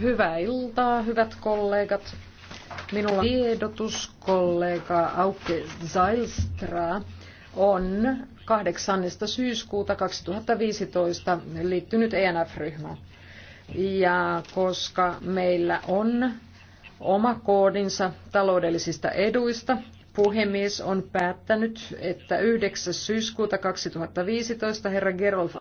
Hyvää iltaa, hyvät kollegat. Minulla on tiedotus kollega Auke Zailstra on 8. syyskuuta 2015 liittynyt ENF-ryhmään. Ja koska meillä on oma koodinsa taloudellisista eduista, puhemies on päättänyt, että 9. syyskuuta 2015 herra Gerolf